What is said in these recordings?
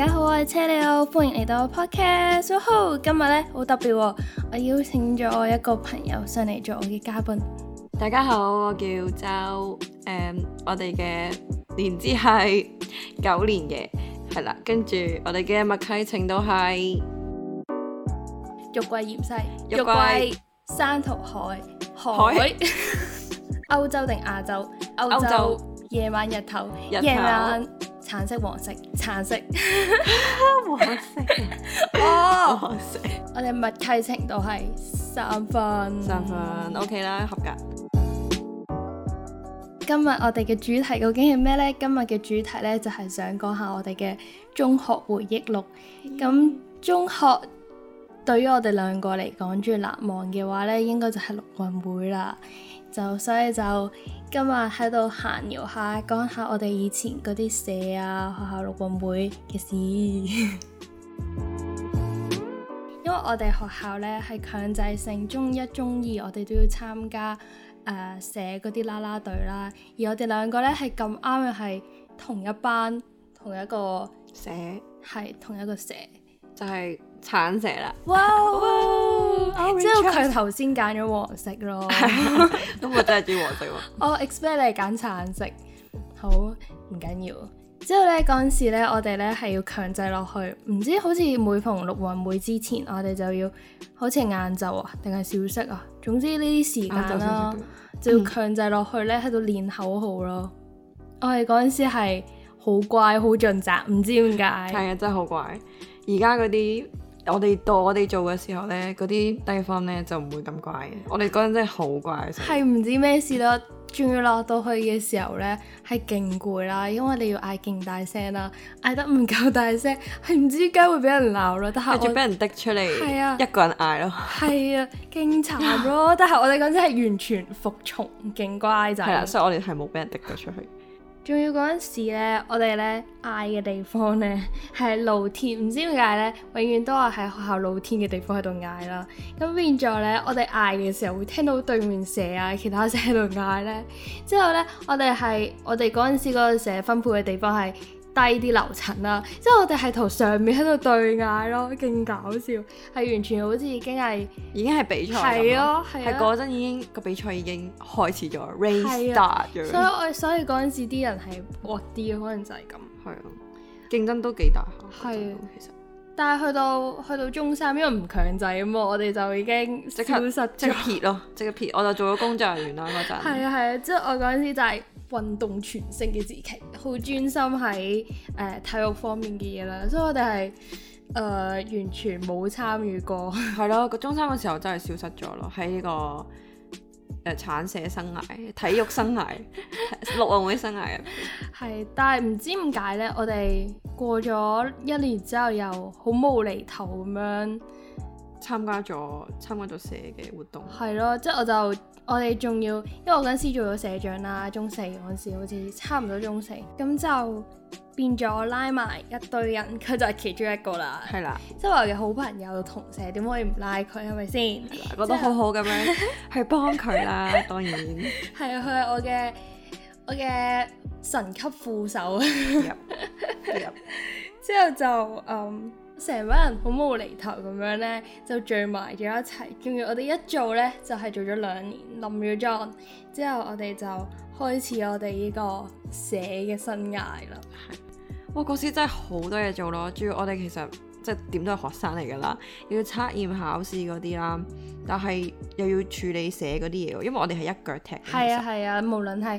大家好，我係車你歐，歡迎嚟到我嘅 Podcast。So，、哦、好，今日咧好特別、哦，我邀請咗我一個朋友上嚟做我嘅嘉賓。大家好，我叫周，誒、嗯，我哋嘅年資係九年嘅，係啦，跟住我哋嘅默契程度係玉桂鹽西，玉桂山同海海，歐海 洲定亞洲？歐洲夜洲晚日頭，夜頭晚。橙色、黃色、橙色、 黃色、黃色。我哋默契程度係三分，三分 OK 啦，合格。今日我哋嘅主題究竟係咩呢？今日嘅主題呢，就係想講下我哋嘅中學回憶錄。咁、嗯、中學對於我哋兩個嚟講最難忘嘅話呢，應該就係陸運會啦。就所以就今日喺度閒聊下，講下我哋以前嗰啲社啊，學校運動會嘅事。 因為我哋學校呢係強制性中一中二，我哋都要參加誒社嗰啲啦啦隊啦。而我哋兩個呢係咁啱嘅係同一班，同一個社，係蛇同一個社，就係橙社啦。Wow, wow. Oh, 之後佢頭先揀咗黃色咯，咁 我真係知黃色喎。我 expect 你係揀橙色，好，唔緊要。之後呢，嗰陣時咧，我哋呢係要強制落去，唔知好似每逢陸運會之前，我哋就要好似晏晝啊，定係小息啊，總之呢啲時間啦，oh, 就，就要強制落去呢，喺度練口號咯。嗯、我哋嗰陣時係好乖好盡責，唔知點解係啊，真係好乖。而家嗰啲。我哋到我哋做嘅時，時候呢，嗰啲低方呢，就唔會咁乖嘅。我哋嗰陣真係好乖嘅。係唔知咩事咯，仲要落到去嘅時候呢，係勁攰啦，因為你要嗌勁大聲啦，嗌得唔夠大聲係唔知點解會俾人鬧啦。但係我仲俾人滴出嚟，係啊，一個人嗌咯，係啊，勁、啊、慘咯。 但係我哋嗰陣係完全服從，勁乖就係啦，所以我哋係冇俾人滴咗出去。仲要嗰陣時呢，我哋呢，嗌嘅地方呢，係露天，唔知點解呢，永遠都係喺學校露天嘅地方喺度嗌啦。咁變咗呢，我哋嗌嘅時候會聽到對面社啊，其他社喺度嗌呢。之後呢，我哋係我哋嗰陣時嗰個社分配嘅地方係，低啲樓層啦，即係我哋係同上面喺度對嗌咯，勁搞笑，係完全好似已經係已經係比賽，係咯、啊，係嗰陣已經個比賽已經開始咗，race、啊、start、啊、所以我所以嗰陣時啲人係惡啲咯，可能就係咁。係咯、啊，競爭都幾大下、啊。係啊，其實。但係去到去到中三，因為唔強制啊，我哋就已經消失，即係撇咯，即係撇，我就做咗工作人員啦嗰陣。係啊係啊，即係 我嗰陣時就係運動全盛嘅時期，好專心喺誒、呃、體育方面嘅嘢啦，所以我哋係誒完全冇參與過。係 咯，個中三嘅時候真係消失咗咯，喺呢、這個。誒，產、呃、社生涯、體育生涯、 陸運會生涯啊，係，但係唔知點解咧？我哋過咗一年之後，又好無厘頭咁樣。參加咗參加咗社嘅活動，係咯，即係我就我哋仲要，因為我嗰陣時做咗社長啦，中四嗰陣時好似差唔多中四，咁就變咗拉埋一堆人，佢就係其中一個啦，係啦了，即係我嘅好朋友同社，點可以唔拉佢？係咪先？覺得好好咁樣去幫佢啦，以當然係啊，佢係 我嘅我嘅神級副手，之 Yep, yep. 後就嗯。成班人好冇厘頭咁樣呢，就聚埋咗一齊。跟住我哋一做呢，就係、是、做咗兩年臨尾裝。之後我哋就開始我哋呢個寫嘅生涯啦。係、啊，哇！嗰時真係好多嘢做咯。主要我哋其實即係點都係學生嚟噶啦，要測驗考試嗰啲啦，但係又要處理寫嗰啲嘢。因為我哋係一腳踢。係啊係啊，無論係。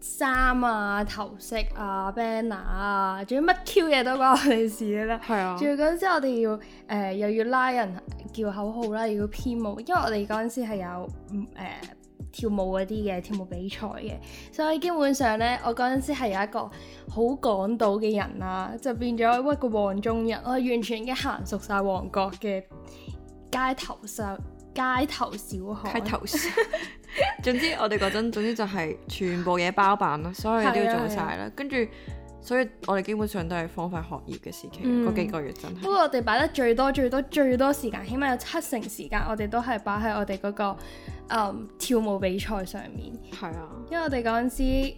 衫啊、頭飾啊、banner 啊，啊，仲要乜 Q 嘢都關我哋事啦。係啊。仲要嗰陣時我哋要誒又要拉人叫口號啦，又要編舞，M、o, 因為我哋嗰陣時係有誒、呃、跳舞嗰啲嘅跳舞比賽嘅，所以基本上呢，我嗰陣時係有一個好港島嘅人啊，就變咗屈個黃中人，我完全已經行熟晒旺角嘅街頭上、街頭小巷。街頭小巷 總之我哋嗰陣，總之就係全部嘢包辦咯， 所有嘢都要做晒啦。跟住，啊啊，所以我哋基本上都係荒廢學業嘅時期嗰，嗯、幾個月真，真係。不過我哋擺得最多、最多、最多時間，起碼有七成時間，那個，我哋都係擺喺我哋嗰個跳舞比賽上面。係啊，因為我哋嗰陣時，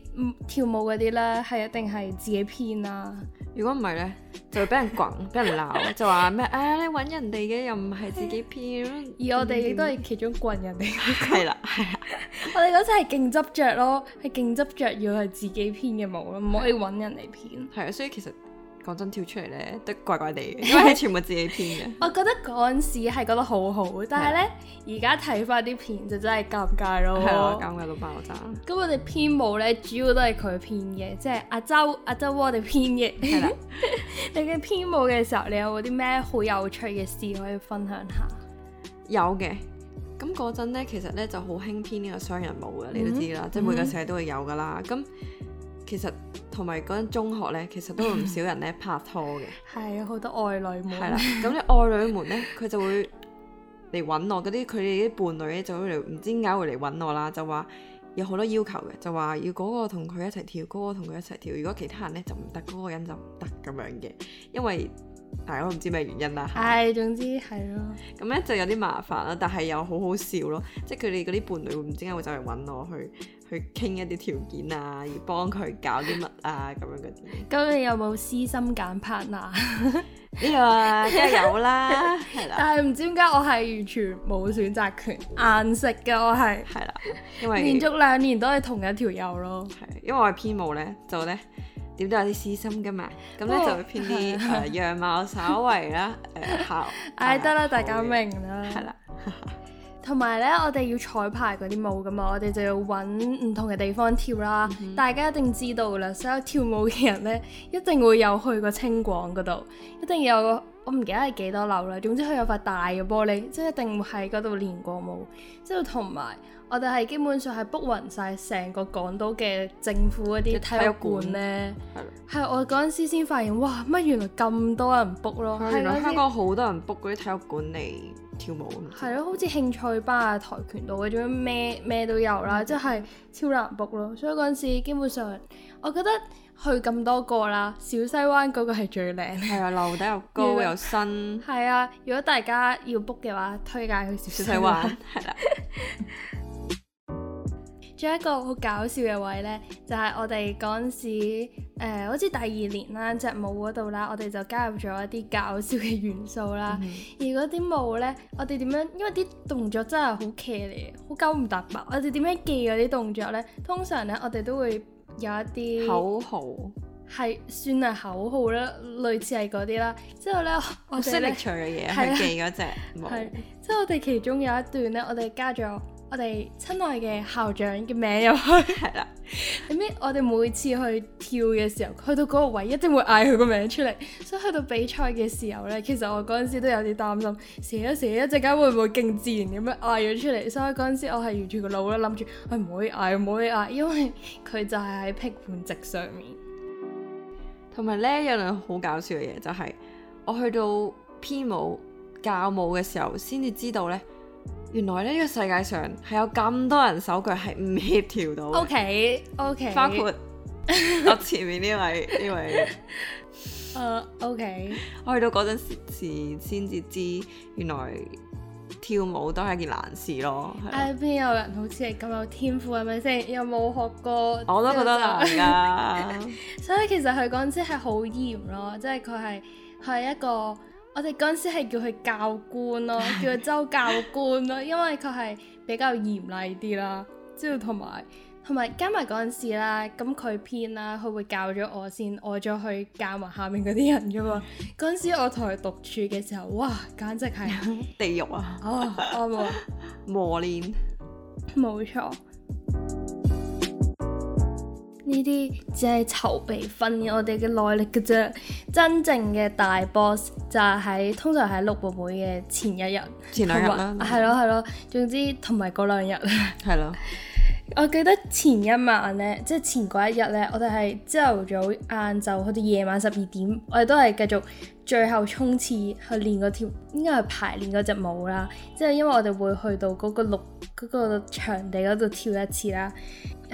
跳舞嗰啲、啊、呢，係一定係自己編啦。如果唔係呢，就會俾 人滾，俾人鬧，就話、是、咩？誒、啊，你揾人哋嘅又唔係自己編、 呃，而我哋亦都係其中滾人哋。係啦，係啊，我哋嗰陣係勁執著咯，係勁執着要係自己編嘅冇咯，唔可以揾人嚟編。係啊， 所以其實。講真，跳出嚟咧都怪怪地，因為係全部自己編嘅。 我覺得嗰陣時係覺得好好，但係咧而家睇翻啲片就真係尷尬咯。係咯，尷尬到爆炸。咁我哋編舞咧，主要都係佢編嘅，即係阿周阿周我哋編嘅。係啦的， 你嘅編舞嘅時候，你有冇啲咩好有趣嘅事可以分享下？有嘅，咁嗰陣咧，其實咧就好興編呢個雙人舞嘅，你都知啦，mm hmm. 即係每個社都會有噶啦。咁、mm hmm. 其實同埋嗰間中學咧，其實都有唔少人咧拍拖嘅。係啊， 好多愛女們。係啦，咁啲愛女們咧，佢 就會嚟搵我。嗰啲佢哋啲伴侶咧，就會嚟唔知點解會嚟搵我啦，就話有好多要求嘅，就話要嗰個同佢一齊跳，嗰、嗰個同佢一齊跳。如果其他人咧就唔得，嗰、嗰個人就唔得咁樣嘅，因為。係咯，唔知咩原因啦。係，總之係咯。咁咧就有啲麻煩啦，但係又好好笑咯。即係佢哋嗰啲伴侶會唔知點解會走嚟揾我，去去傾一啲條件啊，而幫佢搞啲乜啊咁樣嗰啲。咁你有冇私心揀 partner？呢個梗係有啦，係啦。但係唔知點解我係完全冇選擇權，硬食嘅我係，係啦，因為連續兩年都係同一條友咯。係，因為我係編舞咧，就咧。點都有啲私心噶嘛，咁咧、哦、就會偏啲誒樣貌稍為啦誒姣。哎得啦，大家明啦。係啦，同埋咧，我哋要彩排嗰啲舞噶嘛，我哋就要揾唔同嘅地方跳啦。嗯、哼大家一定知道啦，所有跳舞嘅人咧，一定會有去過青廣嗰度，一定有個我唔記得係幾多樓啦。總之佢有塊大嘅玻璃，即係一定會喺嗰度練過舞。之後同埋。我哋係基本上係 book 勻晒成個港島嘅政府嗰啲體育館咧，係的我嗰陣時先發現，哇！乜原來咁多人 book 咯，係啊！香港好多人 book 嗰啲體育館嚟跳舞。係咯，好似興趣班啊、跆拳道嗰種咩咩都有啦，即係超難 book 咯。所以嗰陣時基本上，我覺得去咁多個啦，小西灣嗰個係最靚，係啊，樓底又高又 有新。係啊，如果大家要 book 嘅話，推介去小西灣係啦。 仲有一個好搞笑嘅位呢，就係、是、我哋嗰陣時，好、呃、似第二年啦，隻舞嗰度啦，我哋就加入咗一啲搞笑嘅元素啦。嗯嗯，而嗰啲舞呢，我哋點樣？因為啲動作真係好騎呢，好鳩唔搭八。我哋點樣記嗰啲動作呢？通常呢，我哋都會有一啲口號，係算係口號咯，類似係嗰啲啦。之後呢，我識歷場嘅嘢，係、啊、記嗰隻，係即係我哋其中有一段呢，我哋加咗。我哋親愛嘅校長嘅名又開係啦，係咩 對了？ 我哋每次去跳嘅時候，去到嗰個位一定會嗌佢個名出嚟，所以去到比賽嘅時候呢，其實我嗰陣時都有啲擔心，寫一寫一陣間會唔會勁自然咁樣嗌咗出嚟？所以嗰陣時我係沿住個腦咧諗住，我唔、哎、可以嗌，唔可以嗌，因為佢就係喺評判席上面。同埋呢，有樣好搞笑嘅嘢就係、是，我去到編舞教舞嘅時候，先至知道呢。原來呢、呢個世界上係有咁多人手腳係唔協調到 OK，OK。Okay, okay. 包括我前面呢位，呢位。誒 位、uh, OK。我去到嗰陣時先至知，原來跳舞都係件難事咯。誒，邊有人好似係咁有天賦係咪先？有冇學過，我都覺得難噶。 所以其實佢嗰陣時係好嚴咯，即係佢係佢係一個。我哋嗰陣時係叫佢教官咯，叫佢周教官咯， 因為佢係比較嚴厲啲啦。之後同埋同埋加埋嗰陣時啦，咁佢編啦，佢會教咗我先，我再去教埋下面嗰啲人㗎嘛。嗰陣 時我同佢獨處嘅時候，哇，簡直係 地獄啊！哦，我 磨磨鍊練，冇錯。呢啲只係籌備訓練我哋嘅耐力嘅啫，真正嘅大 boss 就係通常喺六部會嘅前一日、前兩日啦。係咯係咯，總之同埋嗰兩日啦。係咯，了 我記得前一晚呢，即係前嗰一日呢，我哋係朝頭早、晏晝好似夜晚十二點，我哋都係繼續最後衝刺去練嗰條，應該係排練嗰隻舞啦。即係因為我哋會去到嗰個六，嗰、嗰個場地嗰度跳一次啦。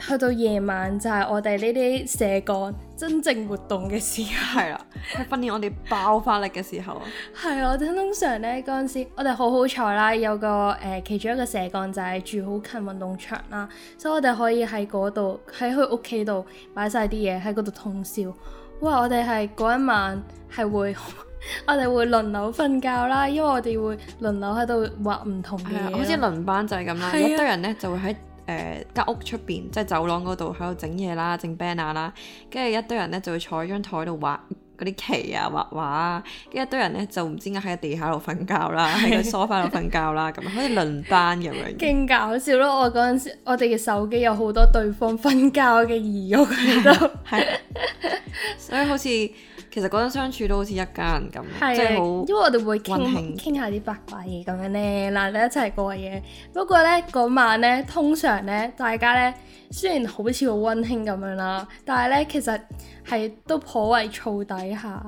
去到夜晚就係、是、我哋呢啲射幹真正活動嘅時間，係啦，去訓練我哋爆發力嘅時候。係 啊，我哋通常呢嗰陣時，我哋好好彩啦，有個誒、呃、其中一個射幹就係住好近運動場啦，所以我哋可以喺嗰度喺佢屋企度擺晒啲嘢喺嗰度通宵。哇！我哋係嗰一晚係會， 我哋會輪流瞓覺啦，因為我哋會輪流喺度畫唔同嘅嘢、啊，好似輪班就係咁啦，啊、一堆人呢就會喺。誒間、uh, 屋出邊，即係走廊嗰度喺度整嘢啦，整 banner 啦，跟住一堆人咧就會坐喺張台度畫嗰啲旗啊、畫畫啦，跟一堆人咧就唔知點解喺地下度瞓覺啦，喺個 Sí 梳化度瞓覺啦，咁好似輪班咁樣。勁 搞笑咯！我嗰陣時，我哋嘅手機有好多對方瞓覺嘅疑獄喺度，所以好似。其實嗰陣相處都好似一家人咁，即係好，因為我哋會傾傾溫馨 下啲八卦嘢咁樣咧，嗱，你一齊過嘅。不過咧嗰晚咧，通常咧大家咧雖然好似好溫馨咁樣啦，但係咧其實係都頗為燥底下。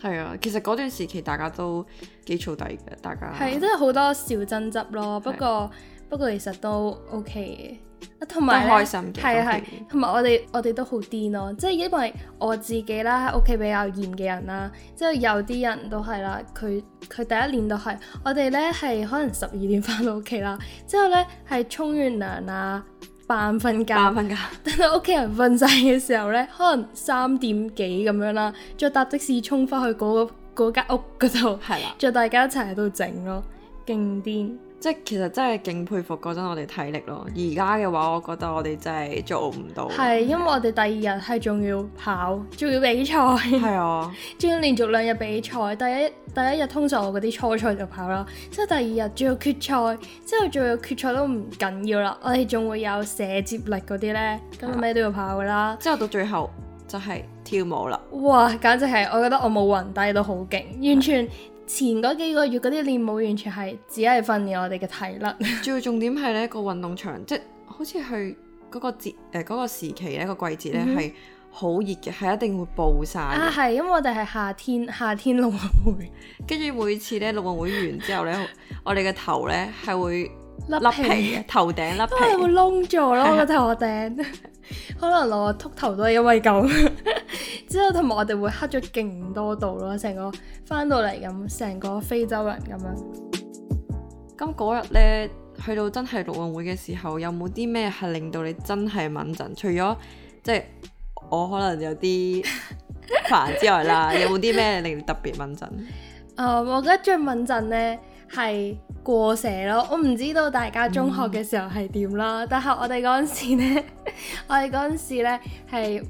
係啊，其實嗰段時期大家都幾燥底嘅，大家係真係好多小爭執咯。不過的不過其實都 OK 嘅。同埋咧開心啲，係啊係，同埋我哋、嗯、我哋都好癲咯，即係因為我自己啦，喺屋企比較嚴嘅人啦，之後有啲人都係啦，佢佢第一年都係，我哋呢係可能十二點翻到屋企啦，之後呢係沖完涼啊，扮瞓覺，瞓覺，等到屋企人瞓晒嘅時候呢，可能三點幾咁樣啦，再搭的士沖翻去嗰嗰間屋嗰度，係啦的，再大家一齊喺度整咯，勁癲。即係其實真係勁佩服嗰陣我哋體力咯，而家嘅話我覺得我哋真係做唔到。係因為我哋第二日係仲要跑，仲要比賽。係啊，仲要連續兩日比賽。第一第一日通常我嗰啲初賽就跑啦，之後第二日仲有決賽，之後仲有決賽都唔緊要啦。我哋仲會有射接力嗰啲呢，咁後咩都要跑噶啦。之後、啊、到最後就係、是、跳舞啦。哇！簡直係，我覺得我冇暈低到好勁，完全、嗯。前嗰幾個月嗰啲練舞完全係只係訓練我哋嘅體力。最重點係呢個運動場，即好似去嗰個節誒嗰、呃嗰個、時期呢、呢個季節呢係好、嗯、哼熱嘅，係一定會暴曬。啊，係，因為我哋係夏天，夏天陸運會，跟住每次呢陸運會完之後呢， 我哋嘅頭呢係會。甩皮啊！頭頂頂甩皮會窿咗咯，個頭頂，可能我禿頭都係因為夠 之後，同埋我哋會黑咗勁多度咯，成個翻到嚟咁，成個非洲人咁樣。咁嗰日呢，去到真係陸運會嘅時候，有冇啲咩係令到你真係敏陣？除咗即係我可能有啲煩之外啦， 有冇啲咩令你特別敏陣？誒、呃，我覺得最敏陣呢，係。過社咯，我唔知道大家中學嘅時候係點啦，嗯、但係我哋嗰陣時咧， 我哋嗰陣時咧係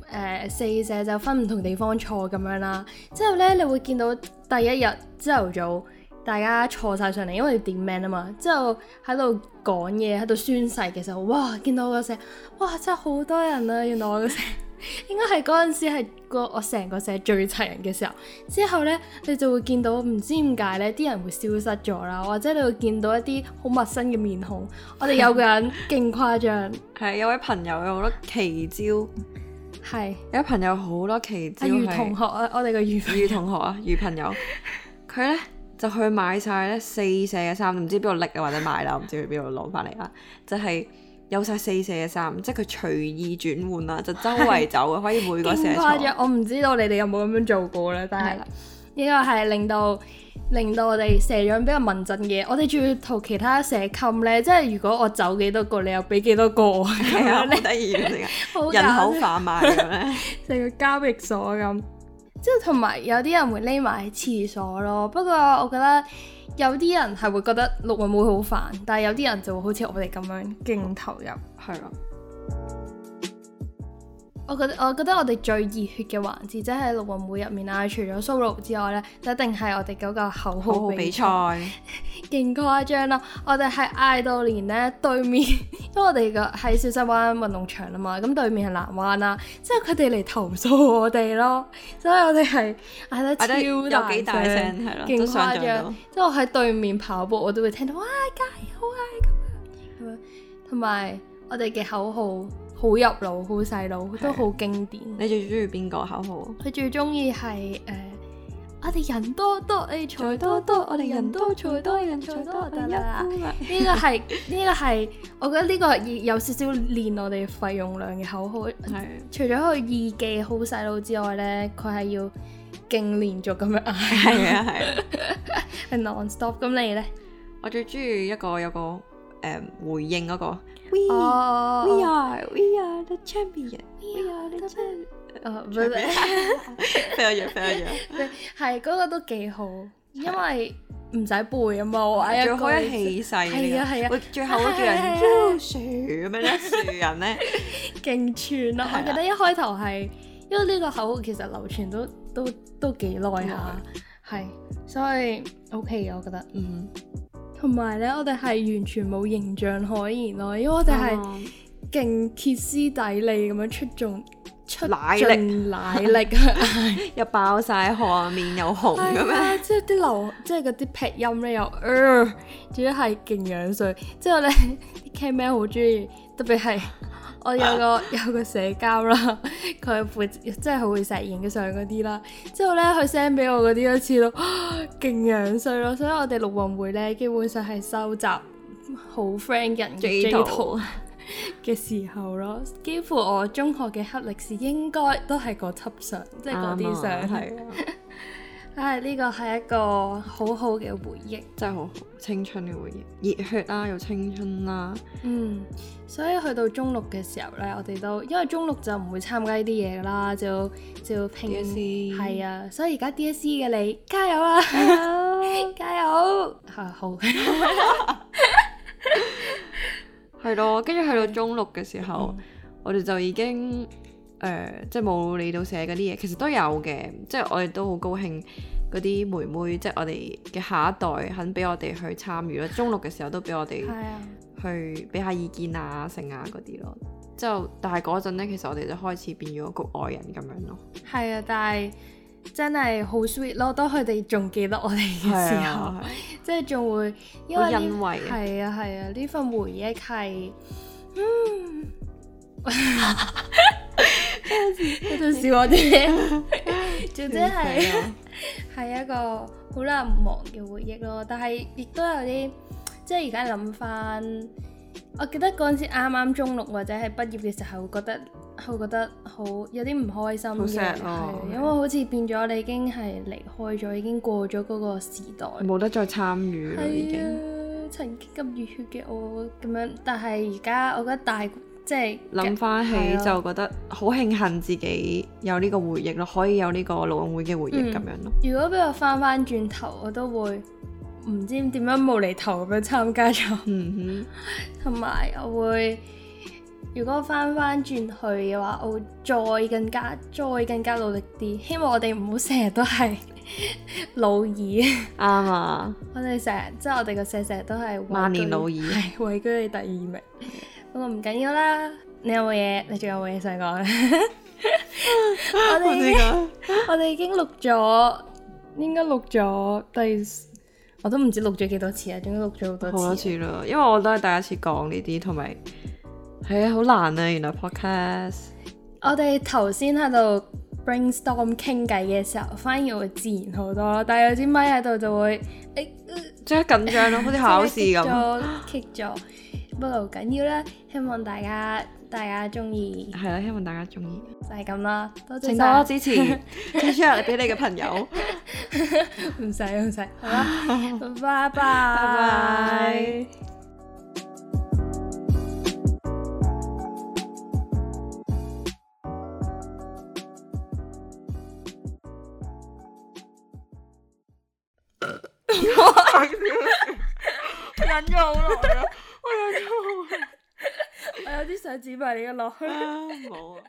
誒四社就分唔同地方坐咁樣啦，之後呢，你會見到第一日朝頭早大家坐晒上嚟，因為點名啊嘛。之後喺度講嘢喺度宣誓嘅時候，哇，見到個社，哇真係好多人啊，原來我個 應該係嗰陣時係個我成個社最齊人嘅時候，之後呢，你就會見到唔知點解呢啲人會消失咗啦，或者你會見到一啲好陌生嘅面孔。我哋有個人勁誇張，係 有位朋友有好多奇招，係 是有位朋友好多奇招，啊。阿余同學啊，我哋個余余同學啊，余朋友，佢 呢就去買晒呢四舍嘅衫，唔知邊度拎啊或者買啦，唔知去邊度攞翻嚟啦，就係，是。有晒四社嘅衫，即係佢隨意轉換啦，就周圍走嘅， 可以每個社錯。我唔知道你哋有冇咁樣做過咧，但係呢個係令到令到我哋社長比較文靜嘅。我哋仲要同其他社溝咧，即係如果我走幾多個，你又俾幾多個，係 啊，好得意嘅， 人口販賣嘅咩？成 個交易所咁。即係同埋有啲人會匿埋喺廁所咯，不過我覺得有啲人係會覺得錄音會好煩，但係有啲人就會好似我哋咁樣勁投入，係啊。我覺得我覺得我哋最熱血嘅環節，即係陸運會入面啦。除咗 solo 之外呢，就一定係我哋嗰個口號比賽，勁誇 張咯！我哋係嗌到連呢對面，因為我哋個喺小西灣運動場啊嘛，咁對面係藍灣啦，即係佢哋嚟投訴我哋咯，所以我哋係嗌得超大聲，勁誇張,張。即係我喺對面跑步，我都會聽到哇街好嗌咁樣，同埋、嗯、我哋嘅口號。好入腦，好細路，都好經典。你最中意邊個口號？佢最中意係誒，我哋人多多，你才多多，多多，我哋人多才多，多，多，人才多得啦。呢個係呢個係， 我覺得呢個有少少練我哋肺容量嘅口號。係的。除咗佢易記好細路之外呢，佢係要勁連續咁樣嗌，係啊係。係 non stop。咁你呢？我最中意一個有一個。誒回應嗰個，We We Are We Are The Champion，We Are The Champion。哦，唔係唔係，Feel It Feel It，係嗰個都幾好，因為唔使背啊嘛，我最好嘅氣勢，係啊係啊，最後叫人穿樹咁樣咯，樹人咧勁串咯，我記得一開頭係，因為呢個口號其實流傳都都都幾耐下，係，所以 OK 嘅，我覺得，嗯。同埋咧，我哋係完全冇形象可言咯，因為我哋係勁歇斯底里咁樣出眾出奶力，奶力又爆晒汗，面又紅咁樣，即係啲流，即係嗰啲劈音咧又，主要係勁樣衰，之後咧啲 camera man 好中意，特別係。 我有個有個社交啦，佢會即係好會攝影嘅相嗰啲啦，之後呢，佢 send 俾我嗰啲一次咯，勁樣衰咯，所以我哋陸運會呢，基本上係收集好 friend 人嘅 J 圖嘅時候咯，幾乎我中學嘅黑歷史應該都係嗰輯相， 即係嗰啲相。Yeah. 係呢、啊，這個係一個好好嘅回憶，真係好好，青春嘅回憶，熱血啦、啊，又青春啦、啊，嗯，所以去到中六嘅時候呢，我哋都因為中六就唔會參加呢啲嘢啦，就就拼，係茲啊，所以而家 D S E 嘅你加油啊！加油，吓，好，係咯，跟住去到中六嘅時候，嗯、我哋就已經。誒、呃，即係冇理到寫嗰啲嘢，其實都有嘅，即係我哋都好高興嗰啲妹妹，即係我哋嘅下一代肯俾我哋去參與啦。 中六嘅時候都俾我哋去俾下意見啊、性啊嗰啲咯。之後，但係嗰陣咧，其實我哋就開始變咗局外人咁樣咯。係啊，但係真係好 sweet 咯，當佢哋仲記得我哋嘅時候， 啊、 即係仲會好欣慰。係啊，係啊，呢、啊啊、份回憶係 嗰陣時，我真係，就真係係一個好難忘嘅回憶咯。但係亦都有啲，即係而家諗翻，我記得嗰陣時啱啱中六或者係畢業嘅時候，覺得會覺得好有啲唔開心，係因為好似變咗你已經係離開咗，已經過咗嗰個時代，冇得再參與啦。已經、啊、曾經咁熱血嘅我咁樣，但係而家我覺得大。即係諗翻起就覺得好慶幸自己有呢個回憶咯，嗯、可以有呢個老運會嘅回憶咁、嗯、這樣咯。如果俾我翻翻轉頭，我都會唔知點樣無厘頭咁樣參加咗。嗯哼，同埋我會，如果翻翻轉去嘅話，我會再更加再更加努力啲。希望我哋唔好成日都係老二。啱啊！我哋成日即係我哋個成日都係萬年老二，位居你第二名。咁啊唔緊要啦，你有冇嘢？你仲有冇嘢想講？我哋我哋已經錄咗，應該錄咗第，我都唔知錄咗幾多，多次啊！總之錄咗好多次啦，因為我都係第一次講呢啲，同埋係啊，好難啊！原來 podcast，我哋頭先喺度 brainstorm 傾偈嘅時候，反而會自然好多，但係有支咪喺度就會誒，哎呃、即係緊張咯， 好似考試咁。踢咗。不過好緊要啦，希望大家大家中意，係啦，希望大家中意，就係咁啦，多謝多支持，分享俾你嘅朋友，唔使唔使，好啦，拜拜拜拜。忍咗好耐啊！我有啲想剪埋你嘅落去，冇啊。